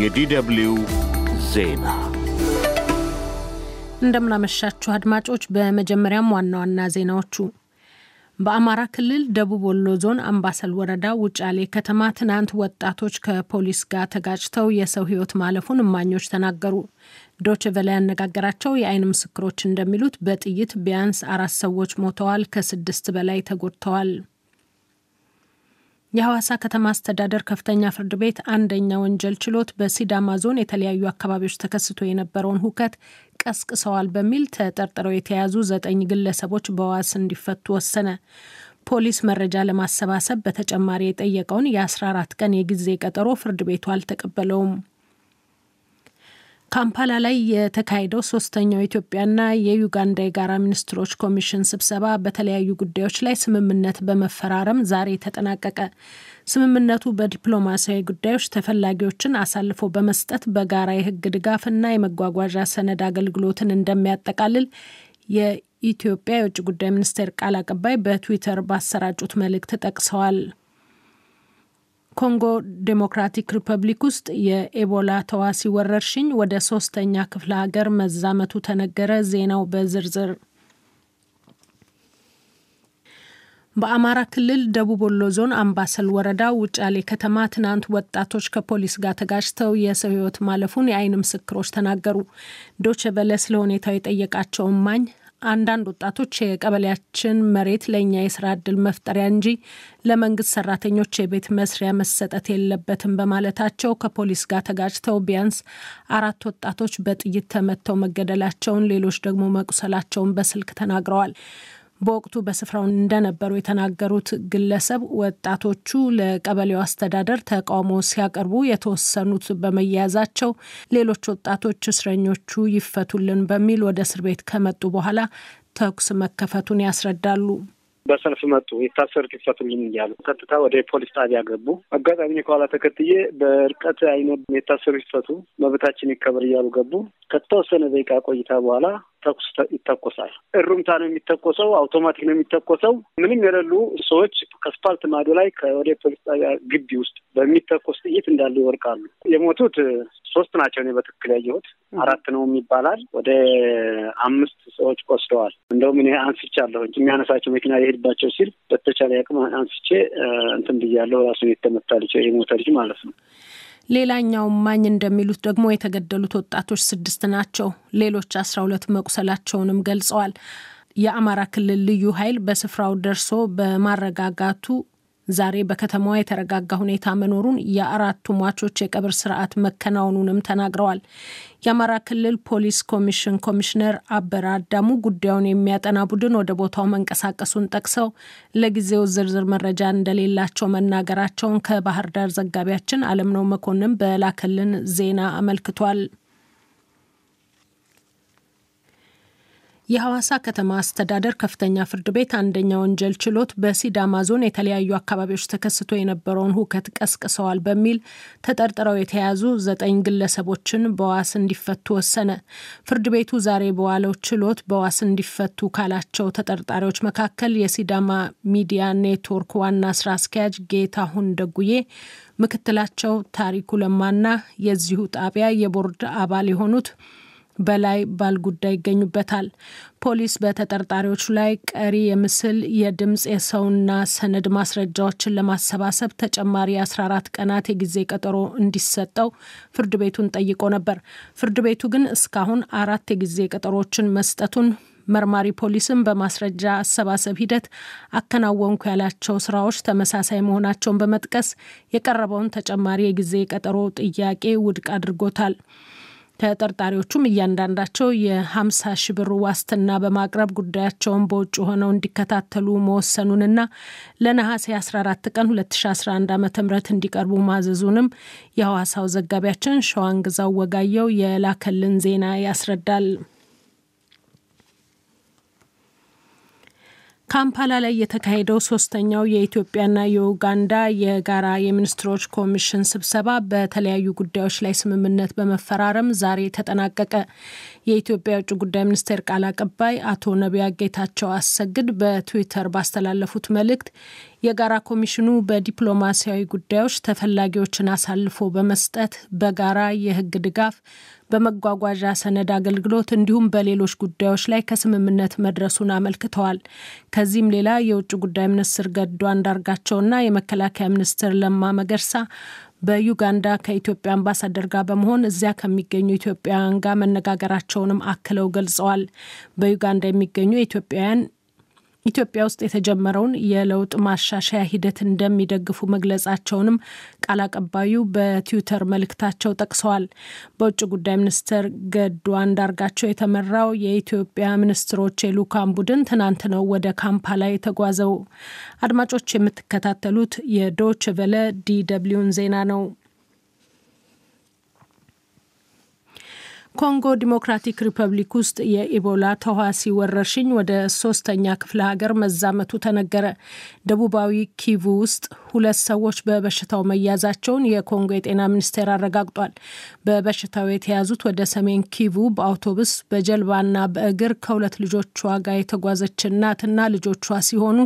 የዲደብሊው ዜና እንደምናመሻችሁ አድማጮች፣ በመጀመሪያም ዋና ዋና ዜናዎቹ በአማራ ክልል ደቡብ ወሎ ዞን አምባሰል ወረዳ ውጫሌ ከተማ ትናንት ወጣቶች ከፖሊስ ጋር ተጋጭተው የሰው ሕይወት ማለፉን እማኞች ተናገሩ። ዶችቨለ ያነጋገራቸው የአይን ምስክሮች እንደሚሉት በጥይት ቢያንስ አራት ሰዎች ሞተዋል፣ ከስድስት በላይ ተጎድተዋል። የሐዋሳ ከተማ አስተዳደር ከፍተኛ ፍርድ ቤት አንደኛ ወንጀል ችሎት በሲዳማ ዞን የተለያዩ አካባቢዎች ተከስቶ የነበረውን ሁከት ቀስቅሰዋል በሚል ተጠርጥረው የተያዙ ዘጠኝ ግለሰቦች በዋስ እንዲፈቱ ወሰነ። ፖሊስ መረጃ ለማሰባሰብ በተጨማሪ የጠየቀውን የ14 ቀን የጊዜ ቀጠሮ ፍርድ ቤቱ አልተቀበለውም። ካምፓላ ላይ የተካሄደው ሶስተኛው የኢትዮጵያና የዩጋንዳ የጋራ ሚኒስትሮች ኮሚሽን ስብሰባ በተለያዩ ጉዳዮች ላይ ስምምነት በመፈራረም ዛሬ ተጠናቀቀ። ስምምነቱ በዲፕሎማሲያዊ ጉዳዮች ተፈላጊዎችን አሳልፎ በመስጠት በጋራ የሕግ ድጋፍና የመጓጓዣ ሰነድ አገልግሎትን እንደሚያጠቃልል የኢትዮጵያ የውጭ ጉዳይ ሚኒስቴር ቃል አቀባይ በትዊተር ባሰራጩት መልእክት ጠቅሰዋል። ኮንጎ ዴሞክራቲክ ሪፐብሊክ ውስጥ የኤቦላ ተዋሲ ወረርሽኝ ወደ ሶስተኛ ክፍለ ሀገር መዛመቱ ተነገረ። ዜናው በዝርዝር በአማራ ክልል ደቡብ ወሎ ዞን አምባሰል ወረዳ ውጫሌ ከተማ ትናንት ወጣቶች ከፖሊስ ጋር ተጋጭተው የሰው ሕይወት ማለፉን የአይን ምስክሮች ተናገሩ። ዶቼ ቬለ ስለ ሁኔታው የጠየቃቸው እማኝ አንዳንድ ወጣቶች የቀበሌያችን መሬት ለእኛ የስራ እድል መፍጠሪያ እንጂ ለመንግስት ሰራተኞች የቤት መስሪያ መሰጠት የለበትም በማለታቸው ከፖሊስ ጋር ተጋጭተው ቢያንስ አራት ወጣቶች በጥይት ተመተው መገደላቸውን፣ ሌሎች ደግሞ መቁሰላቸውን በስልክ ተናግረዋል። በወቅቱ በስፍራው እንደነበሩ የተናገሩት ግለሰብ ወጣቶቹ ለቀበሌው አስተዳደር ተቃውሞ ሲያቀርቡ የተወሰኑት በመያያዛቸው ሌሎች ወጣቶች እስረኞቹ ይፈቱልን በሚል ወደ እስር ቤት ከመጡ በኋላ ተኩስ መከፈቱን ያስረዳሉ። በሰልፍ መጡ። የታሰሩት ይፈቱልኝ እያሉ ቀጥታ ወደ ፖሊስ ጣቢያ ገቡ። አጋጣሚ ከኋላ ተከትዬ በርቀት አይነት የታሰሩ ይፈቱ፣ መብታችን ይከበር እያሉ ገቡ። ከተወሰነ ደቂቃ ቆይታ በኋላ ተኩስ ይተኮሳል። እሩምታ ነው የሚተኮሰው፣ አውቶማቲክ ነው የሚተኮሰው። ምንም የሌሉ ሰዎች ከስፓልት ማዶ ላይ ከወደ ፖሊስ ጣቢያ ግቢ ውስጥ በሚተኮስ ጥይት እንዳሉ ይወርቃሉ። የሞቱት ሶስት ናቸው። እኔ በትክክል ያየሁት አራት ነው ይባላል። ወደ አምስት ሰዎች ቆስለዋል። እንደውም እኔ አንስቻለሁ የሚያነሳቸው መኪና የሄድባቸው ሲል በተቻለ ያቅም አንስቼ እንትን ብያለሁ። ራሱን የተመታ ልጅ የሞተ ልጅ ማለት ነው። ሌላኛው ማኝ እንደሚሉት ደግሞ የተገደሉት ወጣቶች ስድስት ናቸው። ሌሎች አስራ ሁለት መቁሰላቸውንም ገልጸዋል። የአማራ ክልል ልዩ ኃይል በስፍራው ደርሶ በማረጋጋቱ ዛሬ በከተማዋ የተረጋጋ ሁኔታ መኖሩን የአራቱ ሟቾች የቀብር ስርዓት መከናወኑንም ተናግረዋል። የአማራ ክልል ፖሊስ ኮሚሽን ኮሚሽነር አበራ አዳሙ ጉዳዩን የሚያጠና ቡድን ወደ ቦታው መንቀሳቀሱን ጠቅሰው ለጊዜው ዝርዝር መረጃ እንደሌላቸው መናገራቸውን ከባህር ዳር ዘጋቢያችን አለምነው መኮንን በላከልን ዜና አመልክቷል። የሐዋሳ ከተማ አስተዳደር ከፍተኛ ፍርድ ቤት አንደኛ ወንጀል ችሎት በሲዳማ ዞን የተለያዩ አካባቢዎች ተከስቶ የነበረውን ሁከት ቀስቅሰዋል በሚል ተጠርጥረው የተያዙ ዘጠኝ ግለሰቦችን በዋስ እንዲፈቱ ወሰነ። ፍርድ ቤቱ ዛሬ በዋለው ችሎት በዋስ እንዲፈቱ ካላቸው ተጠርጣሪዎች መካከል የሲዳማ ሚዲያ ኔትወርክ ዋና ስራ አስኪያጅ ጌታሁን ደጉዬ ምክትላቸው ታሪኩ ለማና የዚሁ ጣቢያ የቦርድ አባል የሆኑት በላይ ባል ጉዳይ ይገኙበታል። ፖሊስ በተጠርጣሪዎቹ ላይ ቀሪ የምስል፣ የድምፅ፣ የሰውና ሰነድ ማስረጃዎችን ለማሰባሰብ ተጨማሪ 14 ቀናት የጊዜ ቀጠሮ እንዲሰጠው ፍርድ ቤቱን ጠይቆ ነበር። ፍርድ ቤቱ ግን እስካሁን አራት የጊዜ ቀጠሮዎችን መስጠቱን መርማሪ ፖሊስም በማስረጃ አሰባሰብ ሂደት አከናወንኩ ያላቸው ስራዎች ተመሳሳይ መሆናቸውን በመጥቀስ የቀረበውን ተጨማሪ የጊዜ ቀጠሮ ጥያቄ ውድቅ አድርጎታል። ተጠርጣሪዎቹም እያንዳንዳቸው የ50 ሺ ብር ዋስትና በማቅረብ ጉዳያቸውን በውጭ ሆነው እንዲከታተሉ መወሰኑንና ለነሐሴ 14 ቀን 2011 ዓ ም እንዲቀርቡ ማዘዙንም የሐዋሳው ዘጋቢያችን ሸዋንግዛው ወጋየው የላከልን ዜና ያስረዳል። ካምፓላ ላይ የተካሄደው ሶስተኛው የኢትዮጵያና የኡጋንዳ የጋራ የሚኒስትሮች ኮሚሽን ስብሰባ በተለያዩ ጉዳዮች ላይ ስምምነት በመፈራረም ዛሬ ተጠናቀቀ። የኢትዮጵያ የውጭ ጉዳይ ሚኒስቴር ቃል አቀባይ አቶ ነቢያ ጌታቸው አሰግድ በትዊተር ባስተላለፉት መልእክት የጋራ ኮሚሽኑ በዲፕሎማሲያዊ ጉዳዮች ተፈላጊዎችን አሳልፎ በመስጠት በጋራ የሕግ ድጋፍ በመጓጓዣ ሰነድ አገልግሎት እንዲሁም በሌሎች ጉዳዮች ላይ ከስምምነት መድረሱን አመልክተዋል። ከዚህም ሌላ የውጭ ጉዳይ ሚኒስትር ገዱ አንዳርጋቸውና የመከላከያ ሚኒስትር ለማ መገርሳ በዩጋንዳ ከኢትዮጵያ አምባሳደር ጋር በመሆን እዚያ ከሚገኙ ኢትዮጵያውያን ጋር መነጋገራቸውንም አክለው ገልጸዋል። በዩጋንዳ የሚገኙ ኢትዮጵያውያን ኢትዮጵያ ውስጥ የተጀመረውን የለውጥ ማሻሻያ ሂደት እንደሚደግፉ መግለጻቸውንም ቃል አቀባዩ በትዊተር መልእክታቸው ጠቅሰዋል። በውጭ ጉዳይ ሚኒስትር ገዱ አንዳርጋቸው የተመራው የኢትዮጵያ ሚኒስትሮች የልዑካን ቡድን ትናንት ነው ወደ ካምፓላ የተጓዘው። አድማጮች የምትከታተሉት የዶች ቨለ ዲ ደብልዩን ዜና ነው። ኮንጎ ዲሞክራቲክ ሪፐብሊክ ውስጥ የኢቦላ ተዋሲ ወረርሽኝ ወደ ሶስተኛ ክፍለ ሀገር መዛመቱ ተነገረ። ደቡባዊ ኪቩ ውስጥ ሁለት ሰዎች በበሽታው መያዛቸውን የኮንጎ የጤና ሚኒስቴር አረጋግጧል። በበሽታው የተያዙት ወደ ሰሜን ኪቩ በአውቶቡስ በጀልባና በእግር ከሁለት ልጆቿ ጋር የተጓዘች እናትና ልጆቿ ሲሆኑ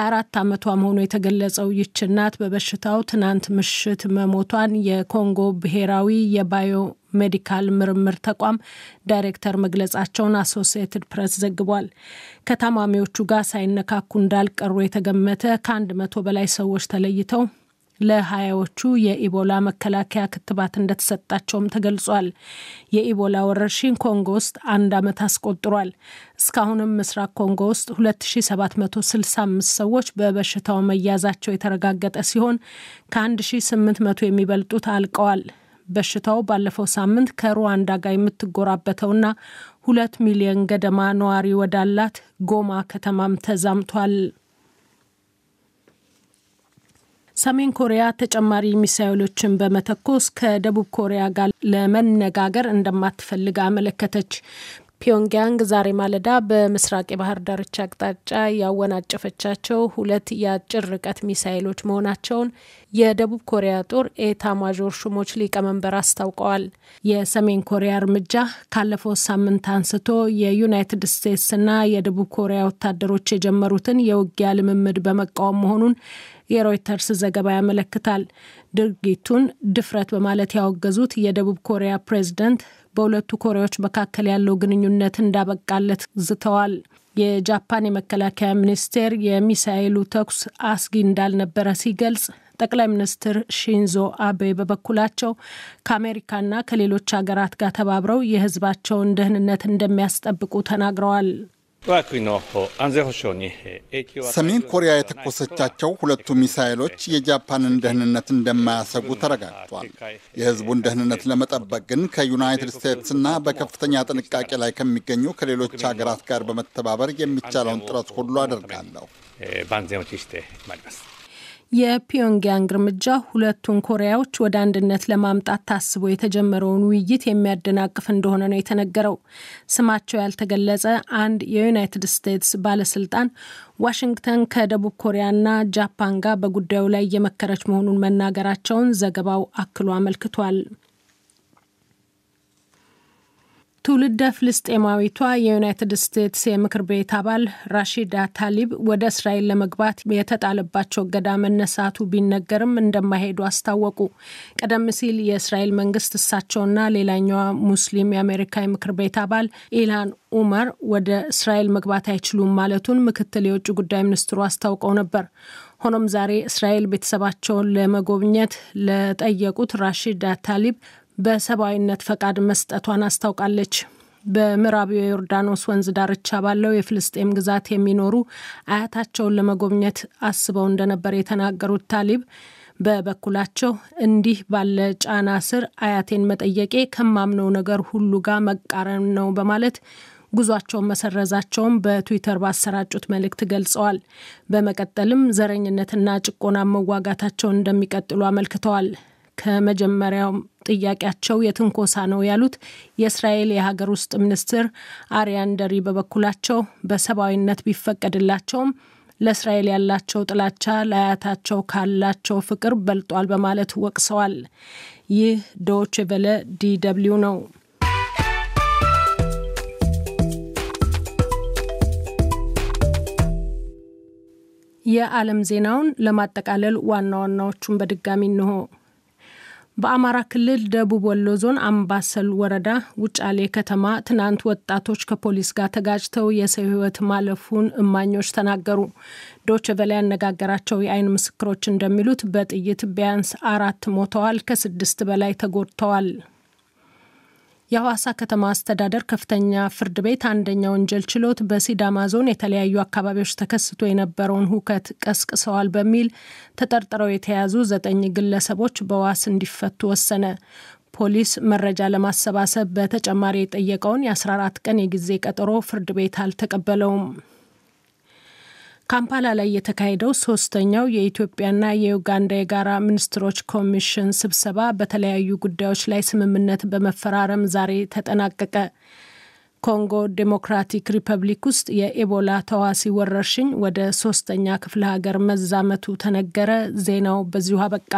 24 ዓመቷ መሆኑ የተገለጸው ይች እናት በበሽታው ትናንት ምሽት መሞቷን የኮንጎ ብሔራዊ የባዮ ሜዲካል ምርምር ተቋም ዳይሬክተር መግለጻቸውን አሶሲየትድ ፕሬስ ዘግቧል። ከታማሚዎቹ ጋር ሳይነካኩ እንዳልቀሩ የተገመተ ከአንድ መቶ በላይ ሰዎች ተለይተው ለሀያዎቹ የኢቦላ መከላከያ ክትባት እንደተሰጣቸውም ተገልጿል። የኢቦላ ወረርሽኝ ኮንጎ ውስጥ አንድ ዓመት አስቆጥሯል። እስካሁንም ምስራቅ ኮንጎ ውስጥ 2765 ሰዎች በበሽታው መያዛቸው የተረጋገጠ ሲሆን ከ1800 የሚበልጡት አልቀዋል። በሽታው ባለፈው ሳምንት ከሩዋንዳ ጋር የምትጎራበተውና ሁለት ሚሊዮን ገደማ ነዋሪ ወዳላት ጎማ ከተማም ተዛምቷል። ሰሜን ኮሪያ ተጨማሪ ሚሳይሎችን በመተኮስ ከደቡብ ኮሪያ ጋር ለመነጋገር እንደማትፈልግ አመለከተች። ፒዮንግያንግ ዛሬ ማለዳ በምስራቅ የባህር ዳርቻ አቅጣጫ ያወናጨፈቻቸው ሁለት የአጭር ርቀት ሚሳይሎች መሆናቸውን የደቡብ ኮሪያ ጦር ኤታ ማዦር ሹሞች ሊቀመንበር አስታውቀዋል። የሰሜን ኮሪያ እርምጃ ካለፈው ሳምንት አንስቶ የዩናይትድ ስቴትስና የደቡብ ኮሪያ ወታደሮች የጀመሩትን የውጊያ ልምምድ በመቃወም መሆኑን የሮይተርስ ዘገባ ያመለክታል። ድርጊቱን ድፍረት በማለት ያወገዙት የደቡብ ኮሪያ ፕሬዝደንት በሁለቱ ኮሪያዎች መካከል ያለው ግንኙነት እንዳበቃለት ዝተዋል። የጃፓን የመከላከያ ሚኒስቴር የሚሳኤሉ ተኩስ አስጊ እንዳልነበረ ሲገልጽ ጠቅላይ ሚኒስትር ሺንዞ አቤ በበኩላቸው ከአሜሪካና ከሌሎች ሀገራት ጋር ተባብረው የሕዝባቸውን ደህንነት እንደሚያስጠብቁ ተናግረዋል። ሰሜን ኮሪያ የተኮሰቻቸው ሁለቱ ሚሳይሎች የጃፓንን ደህንነት እንደማያሰጉ ተረጋግጧል። የሕዝቡን ደህንነት ለመጠበቅ ግን ከዩናይትድ ስቴትስና በከፍተኛ ጥንቃቄ ላይ ከሚገኙ ከሌሎች ሀገራት ጋር በመተባበር የሚቻለውን ጥረት ሁሉ አደርጋለሁ። የፒዮንግያንግ እርምጃ ሁለቱን ኮሪያዎች ወደ አንድነት ለማምጣት ታስቦ የተጀመረውን ውይይት የሚያደናቅፍ እንደሆነ ነው የተነገረው። ስማቸው ያልተገለጸ አንድ የዩናይትድ ስቴትስ ባለስልጣን ዋሽንግተን ከደቡብ ኮሪያና ጃፓን ጋር በጉዳዩ ላይ እየመከረች መሆኑን መናገራቸውን ዘገባው አክሎ አመልክቷል። ትውልደ ፍልስጤማዊቷ የዩናይትድ ስቴትስ የምክር ቤት አባል ራሺዳ ታሊብ ወደ እስራኤል ለመግባት የተጣለባቸው እገዳ መነሳቱ ቢነገርም እንደማይሄዱ አስታወቁ። ቀደም ሲል የእስራኤል መንግስት እሳቸውና ሌላኛዋ ሙስሊም የአሜሪካ የምክር ቤት አባል ኢላን ኡመር ወደ እስራኤል መግባት አይችሉም ማለቱን ምክትል የውጭ ጉዳይ ሚኒስትሩ አስታውቀው ነበር። ሆኖም ዛሬ እስራኤል ቤተሰባቸውን ለመጎብኘት ለጠየቁት ራሺዳ ታሊብ በሰብአዊነት ፈቃድ መስጠቷን አስታውቃለች። በምዕራብ የዮርዳኖስ ወንዝ ዳርቻ ባለው የፍልስጤም ግዛት የሚኖሩ አያታቸውን ለመጎብኘት አስበው እንደነበር የተናገሩት ታሊብ በበኩላቸው እንዲህ ባለ ጫና ስር አያቴን መጠየቄ ከማምነው ነገር ሁሉ ጋር መቃረን ነው በማለት ጉዟቸውን መሰረዛቸውን በትዊተር ባሰራጩት መልእክት ገልጸዋል። በመቀጠልም ዘረኝነትና ጭቆና መዋጋታቸውን እንደሚቀጥሉ አመልክተዋል። ከመጀመሪያው ጥያቄያቸው የትንኮሳ ነው ያሉት የእስራኤል የሀገር ውስጥ ሚኒስትር አሪያን ደሪ በበኩላቸው በሰብአዊነት ቢፈቀድላቸውም ለእስራኤል ያላቸው ጥላቻ ለአያታቸው ካላቸው ፍቅር በልጧል በማለት ወቅሰዋል። ይህ ዶች ቨለ ዲደብሊው ነው። የዓለም ዜናውን ለማጠቃለል ዋና ዋናዎቹን በድጋሚ እንሆ በአማራ ክልል ደቡብ ወሎ ዞን አምባሰል ወረዳ ውጫሌ ከተማ ትናንት ወጣቶች ከፖሊስ ጋር ተጋጭተው የሰው ሕይወት ማለፉን እማኞች ተናገሩ። ዶች ቨለ ያነጋገራቸው የአይን ምስክሮች እንደሚሉት በጥይት ቢያንስ አራት ሞተዋል፣ ከስድስት በላይ ተጎድተዋል። የሐዋሳ ከተማ አስተዳደር ከፍተኛ ፍርድ ቤት አንደኛ ወንጀል ችሎት በሲዳማ ዞን የተለያዩ አካባቢዎች ተከስቶ የነበረውን ሁከት ቀስቅሰዋል በሚል ተጠርጥረው የተያዙ ዘጠኝ ግለሰቦች በዋስ እንዲፈቱ ወሰነ። ፖሊስ መረጃ ለማሰባሰብ በተጨማሪ የጠየቀውን የ14 ቀን የጊዜ ቀጠሮ ፍርድ ቤት አልተቀበለውም። ካምፓላ ላይ የተካሄደው ሶስተኛው የኢትዮጵያና የዩጋንዳ የጋራ ሚኒስትሮች ኮሚሽን ስብሰባ በተለያዩ ጉዳዮች ላይ ስምምነት በመፈራረም ዛሬ ተጠናቀቀ። ኮንጎ ዴሞክራቲክ ሪፐብሊክ ውስጥ የኤቦላ ተዋሲ ወረርሽኝ ወደ ሶስተኛ ክፍለ ሀገር መዛመቱ ተነገረ። ዜናው በዚሁ አበቃ።